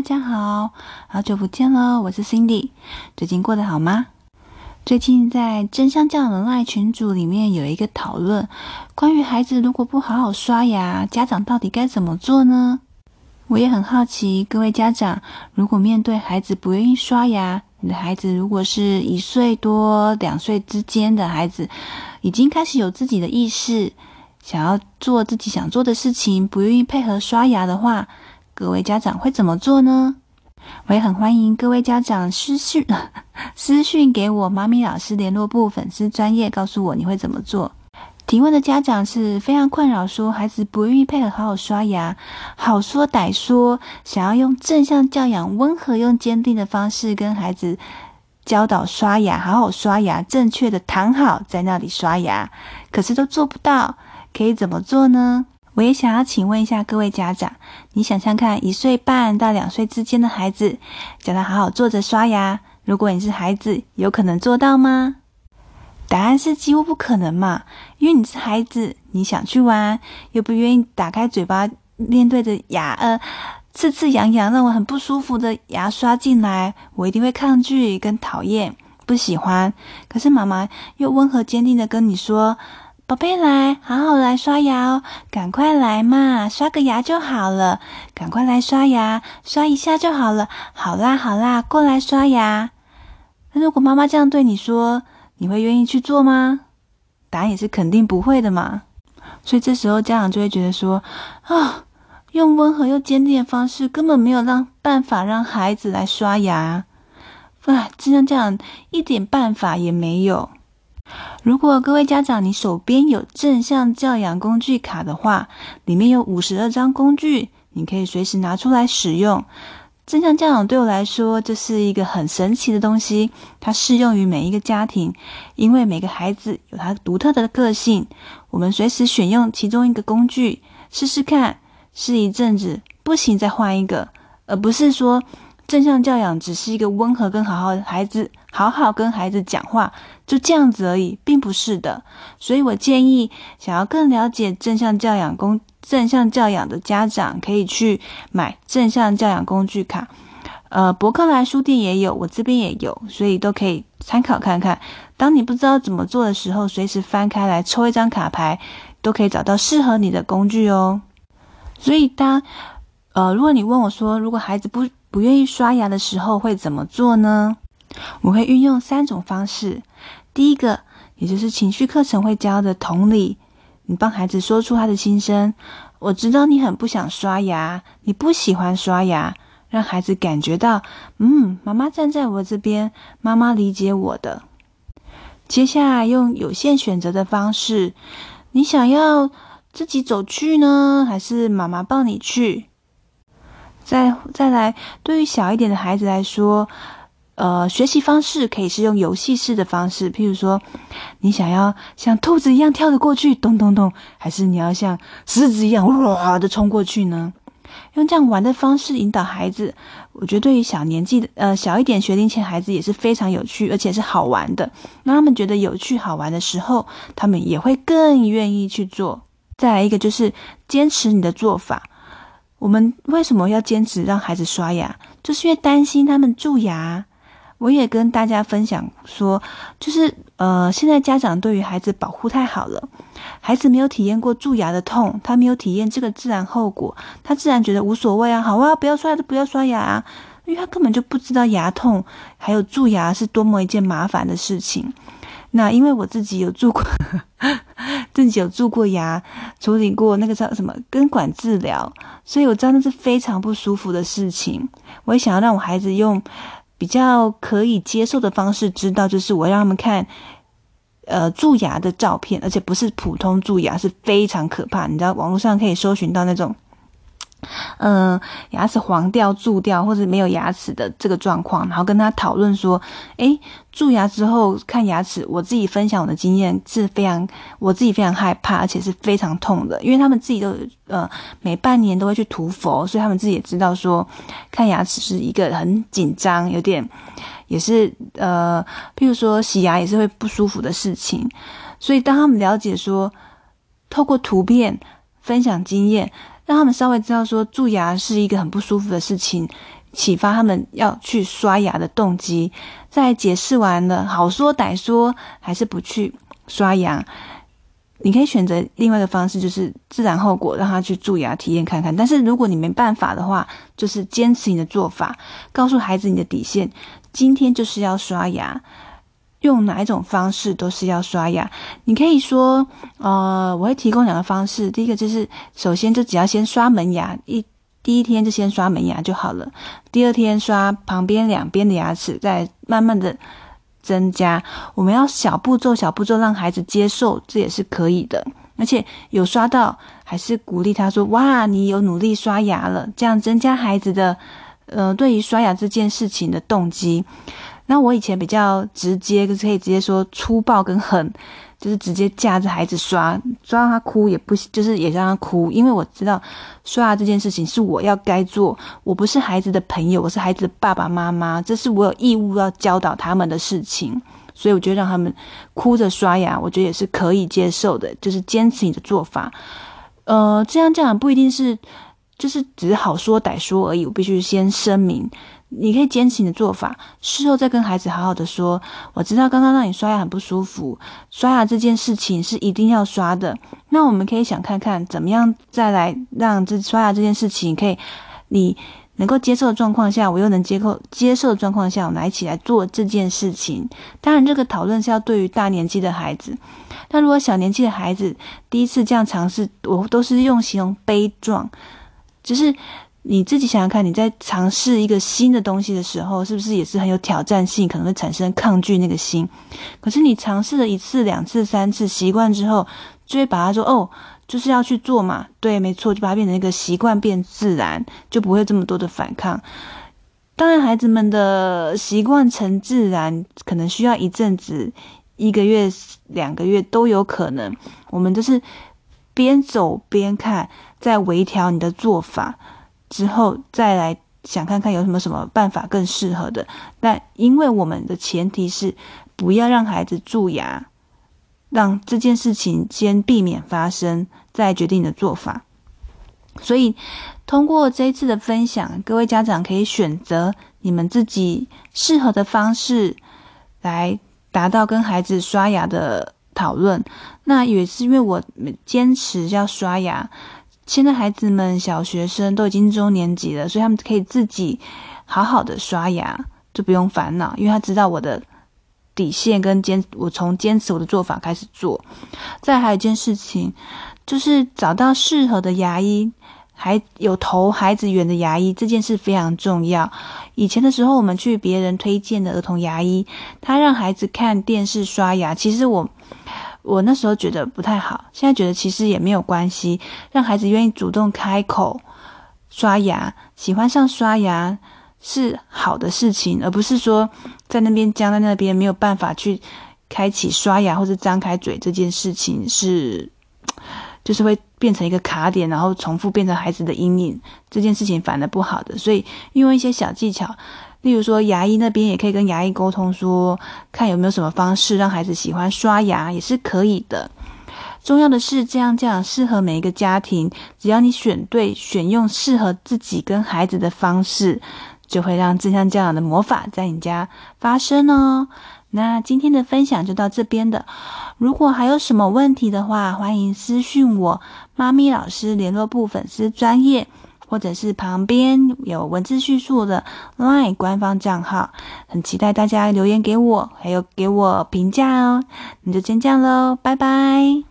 大家好，好久不見了，我是 Cindy。最近過得好嗎？最近在“正向教養”群組裡面有一個討論，關於孩子如果不好好刷牙，家長到底該怎麼做呢？我也很好奇，各位家長，如果面對孩子不願意刷牙，你的孩子如果是一歲多、兩歲之間的孩子，已經開始有自己的意識，想要做自己想做的事情，不願意配合刷牙的話。各位家長會怎麼做呢？我也很歡迎各位家長私訊私訊給我，媽咪老師聯絡簿粉絲專頁，告訴我你會怎麼做。提問的家長是非常困擾，說孩子不願意配合好好刷牙，好說歹說，想要用正向教養、溫和又堅定的方式跟孩子教導刷牙，好好刷牙，正確的躺好在那裡刷牙，可是都做不到，可以怎麼做呢？我也想要請問一下各位家長，你想想看一歲半到兩歲之間的孩子，叫他好好坐着刷牙，如果你是孩子，有可能做到嗎？答案是幾乎不可能嘛，因為你是孩子，你想去玩，又不願意打開嘴巴，面對着牙，呃，刺刺癢癢，讓我很不舒服的牙刷進來，我一定會抗拒跟討厭，不喜歡。可是媽媽又溫和堅定的跟你說。寶貝，來，好好來刷牙哦，趕快來嘛，刷個牙就好了，趕快來刷牙，刷一下就好了。好啦，好啦，過來刷牙。那如果媽媽這樣對你說，你會願意去做嗎？答案也是肯定不會的嘛。所以這時候家長就會覺得說，啊、呃，用溫和又堅定的方式，根本沒有讓辦法讓孩子來刷牙，哇，這樣這樣一點辦法也沒有。如果各位家長，你手邊有正向教養工具卡的話，裡面有五十二張工具，你可以隨時拿出來使用。正向教養對我來說，這是一個很神奇的東西，它適用於每一個家庭，因為每個孩子有他獨特的個性。我們隨時選用其中一個工具試試看，試一陣子不行再換一個，而不是說正向教養只是一個溫和跟好好的孩子。好好跟孩子講話，就這樣子而已，並不是的。所以我建議，想要更了解正向教養工，正向教養的家長，可以去買正向教養工具卡，呃，博客來書店也有，我這邊也有，所以都可以參考看看。當你不知道怎麼做的時候，隨時翻開來抽一張卡牌，都可以找到適合你的工具哦。所以當，呃，如果你問我說，如果孩子不不願意刷牙的時候，會怎麼做呢？我會運用三種方式，第一個，也就是情緒課程會教的同理，你幫孩子說出他的心聲。我知道你很不想刷牙，你不喜歡刷牙，讓孩子感覺到，嗯，媽媽站在我這邊，媽媽理解我的。接下來用有限選擇的方式，你想要自己走去呢，還是媽媽抱你去？再再來，對於小一點的孩子來說。呃，學習方式可以是用遊戲式的方式，譬如說，你想要像兔子一樣跳着過去，咚咚咚，還是你要像獅子一樣哇的、呃呃、衝過去呢？用這樣玩的方式引導孩子，我覺得對於小年紀的呃小一點學齡前孩子也是非常有趣，而且是好玩的。讓他們覺得有趣好玩的時候，他們也會更願意去做。再來一個就是堅持你的做法。我們為什麼要堅持讓孩子刷牙？就是因為擔心他們蛀牙。我也跟大家分享說，就是呃，現在家長對於孩子保護太好了，孩子沒有體驗過蛀牙的痛，他沒有體驗這個自然後果，他自然覺得無所謂啊，好啊，不要刷牙，不要刷牙啊，因為他根本就不知道牙痛還有蛀牙是多麼一件麻煩的事情。那因為我自己有蛀過， 自己有蛀過牙，處理過那個叫什麼根管治療，所以我知道那是非常不舒服的事情。我也想要讓我孩子用，比較可以接受的方式，知道就是我讓他們看，呃，蛀牙的照片，而且不是普通蛀牙，是非常可怕，你知道，網絡上可以搜尋到那種。嗯，牙齒黃掉、蛀掉或者沒有牙齒的這個狀況，然後跟他討論說：“誒、欸，蛀牙之後看牙齒，我自己分享我的經驗是非常，我自己非常害怕，而且是非常痛的。因為他們自己都呃每半年都會去塗氟，所以他們自己也知道說，看牙齒是一個很緊張，有點也是呃，譬如說洗牙也是會不舒服的事情。所以當他們了解說，透過圖片分享經驗。”讓他們稍微知道說，蛀牙是一個很不舒服的事情，啟發他們要去刷牙的動機。在解釋完了，好說歹說還是不去刷牙，你可以選擇另外的方式，就是自然後果，讓他去蛀牙體驗看看。但是如果你沒辦法的話，就是堅持你的做法，告訴孩子你的底線，今天就是要刷牙。用哪一種方式都是要刷牙。你可以說，呃，我會提供兩個方式。第一個就是，首先就只要先刷門牙，一第一天就先刷門牙就好了。第二天刷旁邊兩邊的牙齒，再慢慢的增加。我們要小步驟、小步驟讓孩子接受，這也是可以的。而且有刷到，還是鼓勵他說：“哇，你有努力刷牙了。”這樣增加孩子的，呃，對於刷牙這件事情的動機。那我以前比較直接，就是可以直接說粗暴跟狠，就是直接架着孩子刷，刷到他哭也不行，就是也讓他哭，因為我知道刷牙這件事情是我要該做，我不是孩子的朋友，我是孩子的爸爸媽媽，這是我有義務要教導他們的事情，所以我覺得讓他們哭着刷牙，我覺得也是可以接受的，就是堅持你的做法，呃，這樣這樣不一定是。就是只是好說歹說而已。我必須先聲明，你可以堅持你的做法，事後再跟孩子好好的說。我知道剛剛讓你刷牙很不舒服，刷牙這件事情是一定要刷的。那我們可以想看看怎麼樣再來讓這刷牙這件事情可以你能夠接受的狀況下，我又能接受接受的狀況下，我們來一起來做這件事情。當然，這個討論是要對於大年紀的孩子。那如果小年紀的孩子第一次這樣嘗試，我都是用形容悲壯。就是你自己想想看，你在嘗試一個新的東西的時候，是不是也是很有挑戰性？可能會產生抗拒那個心。可是你嘗試了一次、兩次、三次，習慣之後，就會把它說哦，就是要去做嘛。對，沒錯，就把它變成一個習慣，變自然，就不會這麼多的反抗。當然，孩子們的習慣成自然，可能需要一陣子，一個月、兩個月都有可能。我們就是。邊走邊看，再微調你的做法之後，再來想看看有什麼什麼辦法更適合的。但因為我們的前提是不要讓孩子蛀牙，讓這件事情先避免發生，再決定你的做法。所以通過這一次的分享，各位家長可以選擇你們自己適合的方式，來達到跟孩子刷牙的。討論，那也是因為我堅持要刷牙。現在孩子們小學生都已經中年級了，所以他們可以自己好好的刷牙，就不用煩惱，因為他知道我的底線跟堅。我從堅持我的做法開始做。再還有一件事情，就是找到適合的牙醫，還有投孩子緣的牙醫，這件事非常重要。以前的時候，我們去別人推薦的兒童牙醫，他讓孩子看電視刷牙，其實我。我那時候覺得不太好，現在覺得其實也沒有關係。讓孩子願意主動開口刷牙，喜歡上刷牙是好的事情，而不是說在那邊僵在那邊沒有辦法去開啟刷牙或者張開嘴這件事情是，就是會變成一個卡點，然後重複變成孩子的陰影，這件事情反而不好的。所以用一些小技巧。例如說，牙醫那邊也可以跟牙醫溝通說，說看有沒有什麼方式讓孩子喜歡刷牙，也是可以的。重要的是，這樣教養適合每一個家庭。只要你選對、選用適合自己跟孩子的方式，就會讓正向教養的魔法在你家發生哦。那今天的分享就到這邊了。如果還有什麼問題的話，歡迎私訊我，媽咪老師聯絡簿粉絲專頁。或者是旁邊有文字敘述的 LINE 官方賬號，很期待大家留言給我，還有給我評價哦。那就先這樣嘍，拜拜。